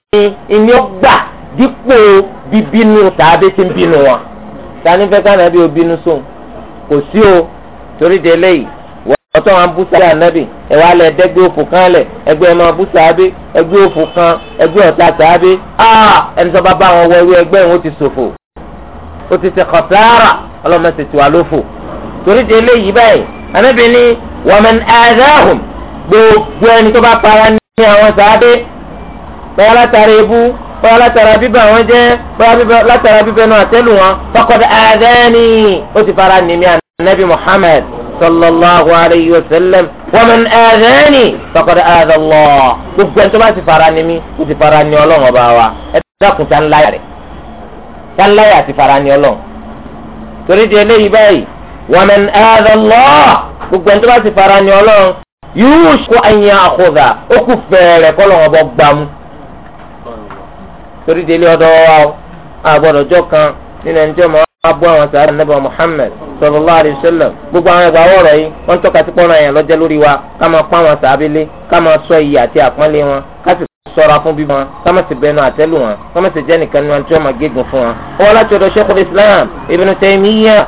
ni ó gbà dípò bíbínú sàábé tí ń bínú wọn. sani fẹ́ kánàbí ó sóun kò sí o torí de eléyìí ọtọ wọn bú sábẹ anabi ẹwà lẹ dẹgbẹ òfò kan lẹ ẹgbẹ ẹ máa bú sábẹ ẹgbẹ òfò kan ẹgbẹ ọ̀tá sábẹ aa ah! ẹni tó bá bá wọn wọ ẹwé ẹgbẹ wọn ti ṣòfò ó ti ṣe kọsára ọlọmọ ti tiwa lófò torí de eléyìí báyìí anabi ni wọmọn ẹdáhùn gbogbo ẹni tó bá para ní àwọn sábẹ báyà látara ebú báyà látara bíbẹ àwọn jẹ báyà látara bíbẹ náà àtẹlù wọn fọkọdà ẹdẹni ó ti fara nìmí anabi Muhammad. صلى الله عليه وسلم ومن آذاني فقد آذى الله gbogbo ẹni tó bá ti fara ni mí ó ti fara ni ọlọ́run ọba wa ẹ dákun tá ń láyà rẹ̀ tá ń láyà ti fara ni ọlọ́run torí di eléyìí báyìí ومن آذى الله gbogbo ẹni tó bá ti fara ni ọlọ́run yóò ṣe an ya'khudha ó kù fẹ́ẹ̀rẹ̀ kọ́lọ́run ọba gbàmú torí di eléyìí ọ̀dọ̀ wa o àgbọ̀dọ̀ jọ kan nínú ẹni tí ọmọ abu àwọn sàrà nàbà muhammed sallallahu alayhi wa sallam gbogbo àwọn ẹgbàá wọ̀rọ̀ yìí wọ́n tọ́ka sí pọ́nrán yẹn lọ́jọ́ lórí wa ká máa pọ́n àwọn sàábélé ká máa sọ iyì àti àpọ́nlé wọn ká sì ṣọ́ra fún bíbí wọn ká má sì bẹnu àtẹ́lù wọn ká má sì jẹ́ nìkan ní wọn tí wọ́n máa gégùn fún wọn. wọ́n láti ọ̀dọ̀ sheikhul islam ibn taymiyyah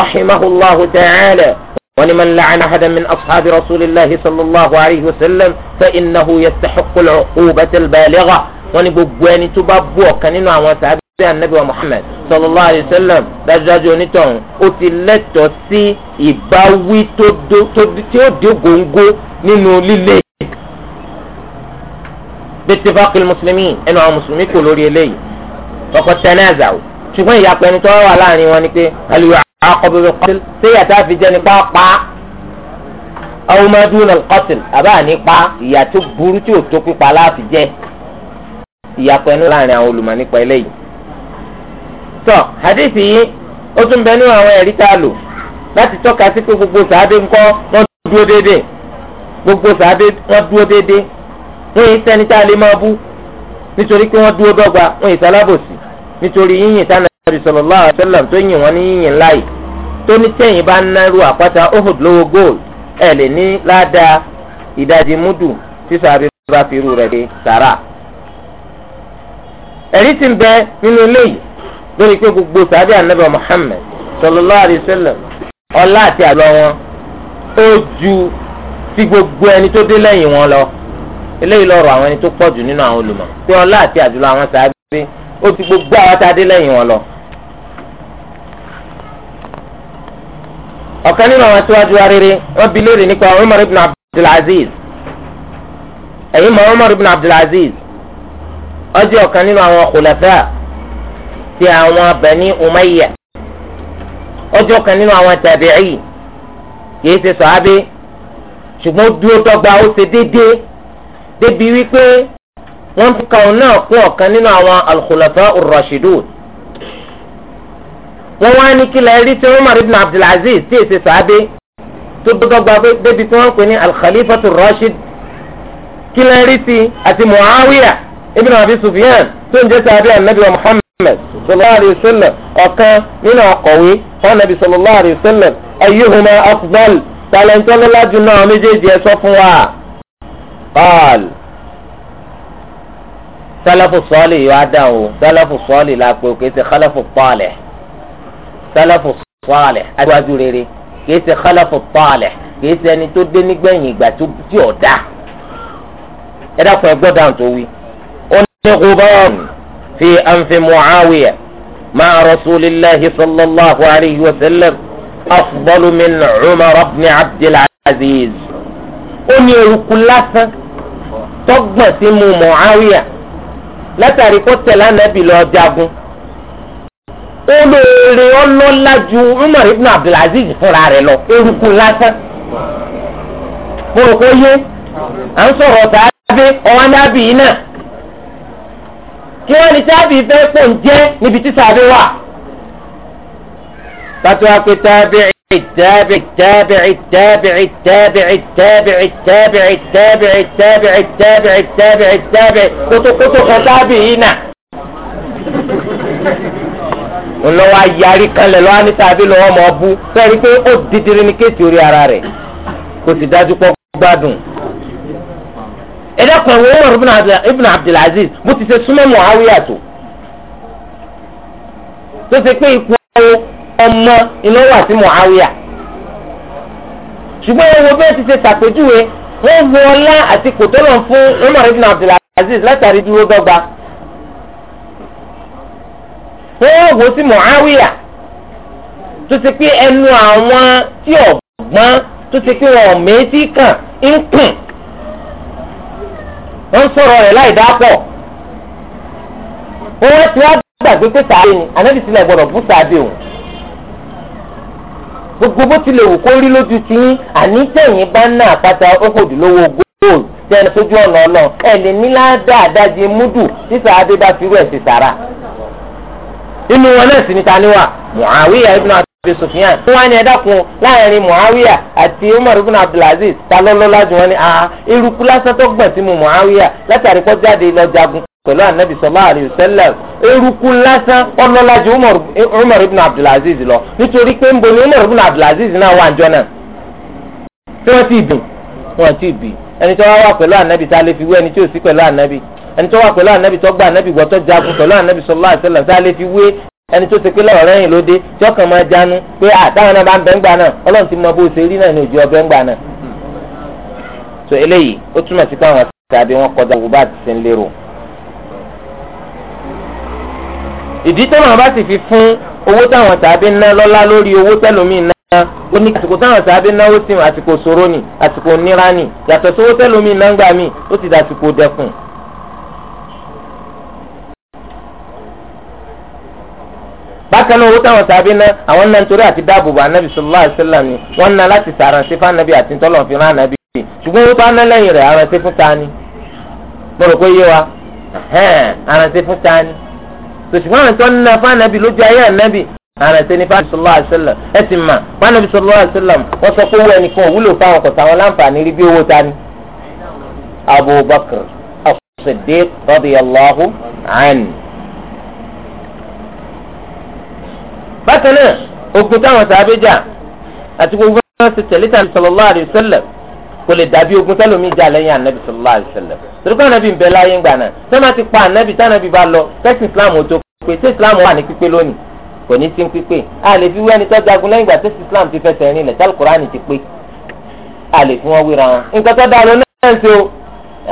rahimahullahu ta'ala ولمن لعن أحدا من أصحاب رسول الله صلى الله عليه وسلم فإنه يستحق العقوبة البالغة ونبقى أن تبابوك كان إنه sí anabi muhammed sallallahu alayhi wa sallam dájúdájú onítọ̀hún ó ti lẹ́tọ̀ọ́ sí ìbáwí tí ó dé góńgó nínú líle. bittifaqi mùsùlùmí ẹnu àwọn mùsùlùmí kò lórí eléyìí ọkọ̀ tẹ́nẹ́ẹ̀zà o ṣùgbọ́n ìyàpẹ́ ẹni tó wà láàrin wọn ni pé aliyu akọ̀bẹ̀ bẹ̀ kọ́tìl ṣé yàtá fi jẹ́ nípa pa àwọn máa dúró náà kọ́tìl àbá nípa ìyà tó burú tí ò tó pípa láàfin jẹ́ ìyàpẹ́ ẹnu láàrin àwọn olùmọ̀ nípa eléyìí tọ hadith yìí ó tún bẹ nínú àwọn ẹ̀rí tá a lò láti tọ́ka sí pé gbogbo sàádé ńkọ́ wọ́n dúró déédéé gbogbo sàádé wọ́n dúró déédéé wọ́n yìí sẹ́ni tá a lè máa bú nítorí pé wọ́n dúró dọ́gba wọ́n yìí sálábòsì nítorí yíyìn tá Ànábì sallallahu alaihi wasallam tó yìn wọ́n ní yíyìn láì tó ní tẹ̀yìn bá ń náró àpáta Uhud lówó góòlù ẹ̀ lè ní ládàá ìdajì múdù tí sàádé bá fi irú rẹ̀ dé sàrà ẹ̀rí ti ń bẹ nínú eléyìí lórí pé gbogbo sàdé ànábì Muhammad sallallahu alaihi wasallam ọlá àti àlọ́ wọn ó ju ti gbogbo ẹni tó dé lẹ́yìn wọn lọ eléyìí lọ́rọ̀ àwọn ẹni tó pọ̀ jù nínú àwọn olùmọ̀ pé ọlá àti àdúrà àwọn sàábé ó ti gbogbo àwọn tá a dé lẹ́yìn wọn lọ. ọ̀kan nínú àwọn aṣáájú arére wọ́n bi léèrè nípa Umar ibn Abdulaziz ẹ̀yin mọ̀ Umar ibn Abdulaziz ó ọ̀kan nínú àwọn khulafa ti àwọn Bani Umayya ọjọ́ kan nínú àwọn tàbí'ì kìí ṣe sàábé ṣùgbọ́n ó dúró tọ́gba ó ṣe déédéé débi wípé wọ́n ka òun náà kún ọ̀kan nínú àwọn al-Khulafa ar-Rashidun wọ́n wá ní kílẹ̀ rí tí Umar ibn Abdul tí èsì sàábé tó dọ́gba débi tí wọ́n pè ní al-Khalifatu kílẹ̀ rí ti àti Muawiya ibn Abi Sufyan tó ń jẹ́ sàábé anabi wa Muhammad. Muhammad sallallahu alayhi wa sallam ọ̀kan nínú akọ̀wé fún Nabi sallallahu alayhi wa sallam ayyuhuma afdal talentọ́lọ́lá jù náà méjèèjì ẹ sọ fún wa. Qaal sálàfù sọ́ọ̀lì yóò á dáhùn sálàfù sọ́ọ̀lì la pé kìí ṣe kálàfù pọ́ọ̀lẹ̀ sálàfù sọ́ọ̀lẹ̀ adúwájú rere kìí ṣe kálàfù pọ́ọ̀lẹ̀ kìí ṣe ẹni tó dé nígbẹ̀yìn ìgbà tí ò dá ẹ dákun ẹ gbọ́dọ̀ àwọn tó wí ó ní gbọ́ọ̀nù. في أنف معاوية مع رسول الله صلى الله عليه وسلم أفضل من عمر بن عبد العزيز أني ركلاسا تقبل سمو معاوية لا تريكوت لنا بلو جابو olóore ọlọ́lá ju umar عبد العزيز fúnra rẹ̀ lọ eruku lásán mo rò pé yé kí wọ́n ní tábì fẹ́ pò ń jẹ́ níbi tí sàbí wà. pàtó wa pé tábìrì tábìrì tábìrì tábìrì tábìrì tábìrì tábìrì tábìrì tábìrì tábìrì tábìrì tábìrì kótókótó kan tábì yìí nà. olówó ayarí kanlẹ̀ lọ́wọ́ ní tàbí lọ́wọ́ mọ̀ ọ́ bú fẹ́ẹ́ rí i pé ó didiri ní kéètì orí ara rẹ̀ kò sì dájú pọ̀ gbádùn ẹ̀dẹ́kun ẹ̀wọ̀n Umar ibn Abdulaziz bó ti ṣe súnmọ́ Muawiya tó tó ṣe pé ipò ọmọ iná wà sí Muawiya ṣùgbọ́n ẹ̀wọ̀n bẹ́ẹ̀ ti ṣe ṣàpèjúwe wọ́n wọ ọlá àti kòtọ́lọ̀ fún Umar ibn Abdulaziz látàrí dúró dọ́gba wọ́n wò sí Muawiya tó ṣe pé ẹnu àwọn tí ọ̀gbọ́n tó ṣe pé wọn ò méjì kàn ń kùn ó ń sọ̀rọ̀ rẹ̀ láì dápọ̀ ó wá ti wá gbàgbé pé sàábé ni ànábì sílẹ̀ gbọ́dọ̀ bú sàábé o gbogbo bó tilẹ̀ wù kó rí lójú ti yín àní tẹ̀yìn bá ná àpáta ókòdì lówó góòlù tẹ́ ẹni sójú ọ̀nà ọlọ́run ẹ̀ lè ní ládàá àdájì múdù tí sàábé bá fi rú ẹ̀ sí sàrà inú wọn náà sì ní ta ni wà Muawiya ibn abi Sufyan wọn ni ẹdákun láàrin Muhawiya. àti Umar ibn Abdulaziz ta lọlọlá jù wọn ni a ah, eruku lásán tó gbọ̀n sí mu Muhawiya. látàrí kó jáde lọ jagun pẹ̀lú anabi sallallahu alayhi wa sallam eruku lásán ọlọlá jù Umar ibn Abdulaziz lọ nítorí pé ń bo ni Umar ibn Abdulaziz náà wà njọ náà tí wọn ti bì wọn ti bì ẹni tó wá wà pẹ̀lú anabi tá a lè fi wé ẹni tí ò sí pẹ̀lú anabi ẹni tó wà pẹ̀lú anabi tó gba anabi gbọ́ tó jagun pẹ̀lú anabi sallallahu alayhi tá a lè fi wé ẹni tó ṣe pé lọ́rọ̀ yìí ló dé tí ọkàn máa jánu pé àtàwọn náà bá ń bẹ́ ń gbà náà ọlọ́run ti mọ bó ṣe rí náà ní òjò ọbẹ̀ ń gbà náà. so eléyìí ó túmọ̀ sí káwọn tàbí wọn kọjá gbogbo àti ṣe ń lérò. ìdí tó wọn bá sì fi fún owó táwọn tàbí ná lọ́lá lórí owó tẹ́lómi ná ó ní àsìkò táwọn tàbí náwó sí àsìkò ṣòro ni àsìkò nira ni yàtọ̀ sówó tẹ́lómi ná ń gbà mí ó ti dàsìkò dẹkùn bákan náà owó táwọn sábẹ ná àwọn náà nítorí àti dáàbò bá anabi sallallahu alaihi wasallam ni wọn ná láti sàrànṣe fún anabi àti ntọ́lọ̀ fi rán anabi ṣùgbọ́n owó bá ná lẹ́yìn rẹ̀ aránṣẹ́ fún tani mo rò pé yé wa aránṣẹ́ fún tani ṣùgbọ́n àwọn tó ń ná fún anabi lójú ayé anabi aránṣẹ́ ní fún sallallahu alaihi wasallam ẹ sì mà fún anabi sallallahu alaihi wasallam wọ́n sọ pé owó ẹnìkan òwúlò fáwọn kọ̀tà àwọn láǹfààní rí bí owó tani Abu Bakr bákan náà ogun táwọn sàábé jà àti gbogbo wọn ti tẹ̀lé tàbí sallallahu alaihi wasallam kò lè dàbí ogun tẹ́lómi jà lẹ́yìn anabi sallallahu alaihi wasallam torí pé anabi ń bẹ láyé ńgbà náà sẹ́mi àti pa anabi tánabi bá lọ tẹ́sí islam ò tó pé tẹ́sí islam wà ní pípé lónìí kò ní sí ń pípé a lè fi wẹ́ni tó jagun lẹ́yìn ìgbà tẹ́sí islam ti fẹsẹ̀ rìn lẹ̀ tálùkùránì ti pé a lè fi wọ́n wéra wọn. nǹkan tó dáa lọ náà ń ṣe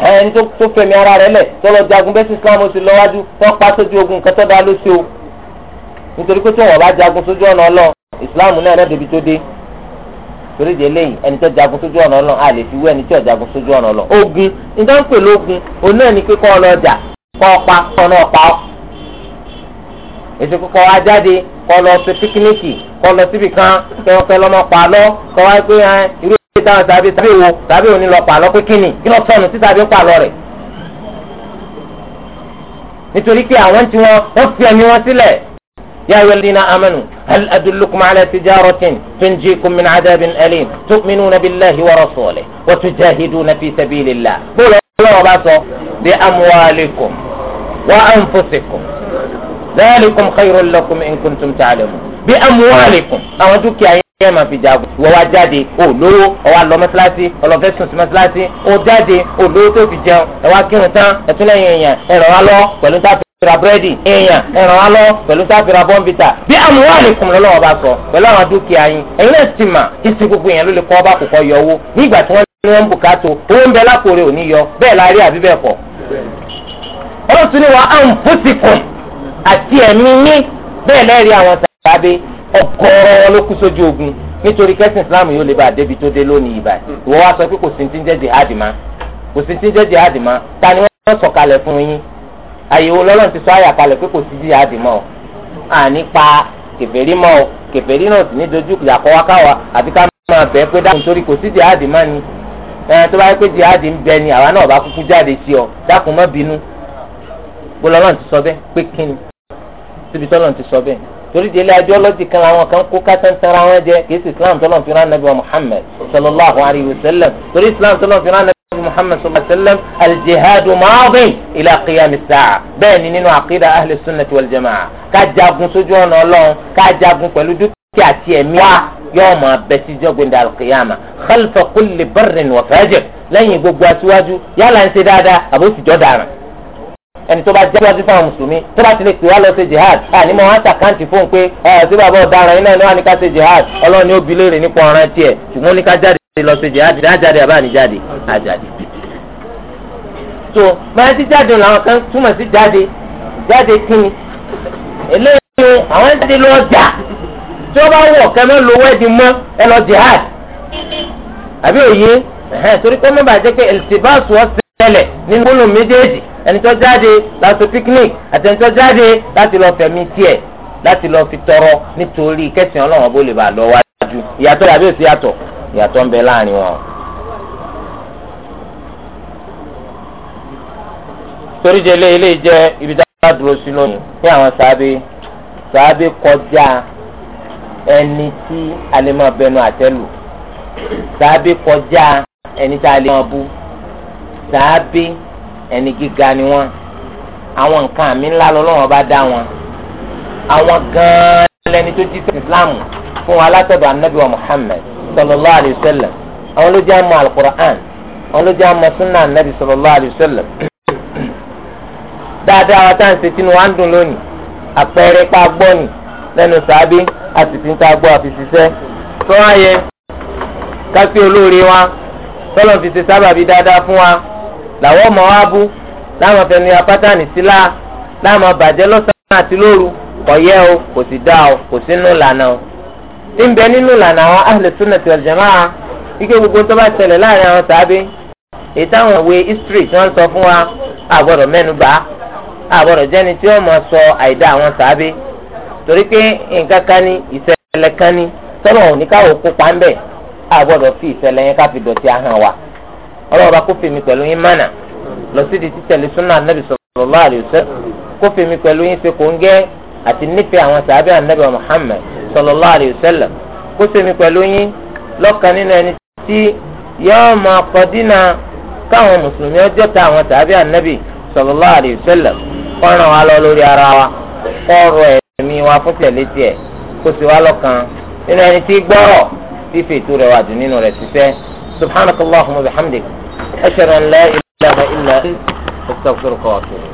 ẹni tó fẹ̀mí ara rẹ̀ lẹ̀ tọ́lọ jagun bẹ́sí islam ó ti lọ́wájú tó pa sójú ogun nǹkan tó dáa ló ṣe nítorí pé tí wọn bá jagun sójú ọ̀nà ọlọ́run ìsìláàmù náà náà débi tó dé torí de lẹ́yìn ẹni tó jagun sójú ọ̀nà ọlọ́run a lè fi wé ẹni tó jagun sójú ọ̀nà ọlọ́run ogun nígbà ń pè lógun òun náà ni pé kọ́ ọlọ́jà kọ́ ọpa kọ́ náà pa ọ́ èsì kọ́ ajáde kọ́ lọ sí píkíníkì kọ́ lọ síbi kan kẹ́wọ́kẹ́ lọ́mọ pa lọ kọ́ wá pé irú ìwé táwọn tàbí tàbí wo tàbí òní lọ pa lọ pé kíni kí lọ sọnù tí tàbí pa lọ rẹ̀ nítorí pé àwọn tí wọ́n wọ́n fi ẹ̀mí wọn sílẹ̀ يا أيها الذين هل أدلكم على تجارة تنجيكم من عذاب أليم تؤمنون بالله ورسوله وتجاهدون في سبيل الله قولوا الله بأموالكم وأنفسكم ذلكم خير لكم إن كنتم تعلمون بأموالكم أودك يا yẹn máa fi jagun ìwọ wa jáde ò lówó ọwọ àlọ mọ́sálásí ọlọfẹ sùn sí mọ́sálásí ó jáde ò lówó tó fi jẹun ẹ wá kírun fira búrẹ́dì èèyàn ẹ̀ràn wa lọ pẹ̀lú sáfìrà bọ́ǹbìtà bí àmúwá lè kùn lọ́wọ́ bá sọ pẹ̀lú àwọn dúkìá yín ẹ̀yin náà ti mà kí ti gbogbo èèyàn ló lè kọ́ ọba kò kọ́ yọ owó nígbà tí wọ́n ní wọ́n ń bùkátò owó ń bẹ lápòrè òní yọ bẹ́ẹ̀ la rí àbí bẹ́ẹ̀ kọ́. ọ̀rọ̀ tún ni wà á ń bùsì kùn àti ẹ̀mí yín bẹ́ẹ̀ lẹ́ẹ̀rí àwọn sàbẹ̀ ọ̀gọ́rọ̀ ló kú sójú ogun nítorí kẹ́sìn Islam yóò lè bá débi tó dé lónìí ìbàdí ìwọ wa sọ pé kò sí ti ń jẹ́ jihad ma kò sí ti ń jẹ́ jihad ma ta ni wọ́n sọ̀kalẹ̀ fún yín àyèwò lọ́lọ́run ti sọ àyà kalẹ̀ pé kò sí jíjẹ́ àdìmọ́ o ànípa kèfèrí mọ́ o kèfèrí náà sì ní dojú ìyàkọ́ wa káwa àti ká máa bẹ́ẹ̀ pé dákun torí kò sí jihadi má ni ẹ̀ tó bá yẹ pé jihadi ń bẹ ni àwa náà bá kúkú jáde sí ọ dákun má bínú gbọ́lọ́run ti sọ bẹ́ẹ̀ pé kí ni síbi tọ́lọ́run ti sọ bẹ́ẹ̀ torí délé ajọ́ lọ́jì kan làwọn kan kó kátàntàn ara wọn jẹ kì islam tọ́lọ́run fi rán Muhammad sallallahu alayhi wa sallam islam tọ́lọ́run fi muhammad sallallahu alayhi wa sallam aljihadu maadin ila qiyam saa bẹ́ẹ̀ ni nínú àkídà ahli sunnati wal jamaa ká jagun sójú ọ̀nà ọlọ́run ká jagun pẹ̀lú dúkìá àti ẹ̀mí wa yóò máa bẹ sí jọ́gbìndà alqiyama khalfa kulli barrin wa fajir lẹ́yìn gbogbo aṣíwájú yálà ń ṣe dáadáa àbó sì jọ́ dàrán ẹni tó bá jẹ́ wájú fáwọn mùsùlùmí tó bá ti lè pè wá lọ ṣe jihad àní mo wá ṣàkáǹtì fóun pé ẹ ṣé bàbá ọ̀daràn iná ni wọ́n á ní ká ṣe jihad ọlọ́run ni ó bi léèrè nípa ọ̀ràn tiẹ̀ ṣùgbọ́n ó ní ká jáde ti lọ sí jihadi ajáde àbá ni jáde ajáde. tó báyìí tí jáde làwọn kan túmọ̀ sí jáde jáde kíni eléyìí àwọn jáde lọ jà tí wọ́n bá wọ̀ kẹ́mẹ́ lówó ẹ̀dín mọ́ ẹ lọ jihad àbí òye torí pé mọ́ba jẹ́ pé ẹ̀lìtìbáàsù ọ̀ ṣẹlẹ̀ nínú gbólóhùn méjèèjì ẹni tó jáde láti picnic àti ẹni tó jáde láti lọ fẹ̀mí tiẹ̀ láti lọ fi tọrọ nítorí kẹsàn-án ọlọ́run ọbọ̀ lè bá lọ wájú ìyàtọ̀ yàbí òsì yàtọ̀ ìyàtọ̀ ń bẹ láàrin wọn. torí jẹlé ilé jẹ ibi tá a dúró sí lónìí ní àwọn sábẹ sábẹ kọjá ẹni tí a lè máa bẹnu àtẹ́lù sábẹ kọjá ẹni tá a lè máa bú sábẹ ẹni gíga ni wọn àwọn nǹkan àmì ńlá lọ́lọ́wọ́n bá dá wọn àwọn gan-an lẹni tó jí sẹ́yìn islam fún wa látọ̀dọ̀ muhammed sallallahu alayhi wa sallam àwọn ló jẹ́ àmọ́ alukur'an àwọn ló jẹ́ àmọ́ sunna anabi sallallahu alayhi wa sallam dáadáa wa tá à ń ṣe tinú wa ń dùn lónìí àpẹẹrẹ pa gbọ́ ni lẹ́nu sàábí àti tí ń ta gbọ́ àfi ṣiṣẹ́ tó wáyé kápé olóore wa tọ́lọ̀ fi ṣe sábàbí dáadáa fún wa làwọn ọmọ wa bú láwọn fẹnu apátánì sílá láwọn bàjẹ́ lọ́sàn-án àti lóru kò yẹ o kò sì dá o kò sínú ìlànà o ńbẹ nínú lànà àwọn ahlẹ̀ sunnati wal ike gbogbo tó bá ṣẹlẹ̀ láàrin àwọn sàábé èyí ìwé history tí wọ́n sọ fún wa àgbọ̀dọ̀ mẹ́nu bá àgbọ̀dọ̀ jẹ́ni tí wọ́n mọ̀ sọ àìdá àwọn sàábé torí pé nǹkan kan ní ìṣẹ̀lẹ̀ kan ní tọ́lọ̀ òní káwọ́ kópa ńbẹ àgbọ̀dọ̀ fi ìṣẹ̀lẹ̀ yẹn ká fi dọ̀tí ahọ́n wa ọlọ́wọ́ bá kó fèmí pẹ̀lú yín mánà lọ sí di títẹ̀lé súnà anábì sallallahu alaihi wasallam kó Muhammad sallallahu alayhi wa sallam kó sèmi pẹ̀lú yín lọ́kàn nínú ẹni tí yóò máa kọ́ dínà káwọn mùsùlùmí ọjọ́ ta àwọn tàbí ànábì sallallahu alayhi wa sallam kọ́ran wa lọ lórí ara wa kọ́rọ̀ ẹ̀mí wa fún tẹ̀lé tiẹ̀ kó sì wá lọ́kàn nínú ẹni tí gbọ́rọ̀ fífi ètò rẹ̀ wà dùn nínú rẹ̀ ṣiṣẹ́ subhanakallahumma wa bihamdik ashhadu an la ilaha illa anta astaghfiruka wa atubu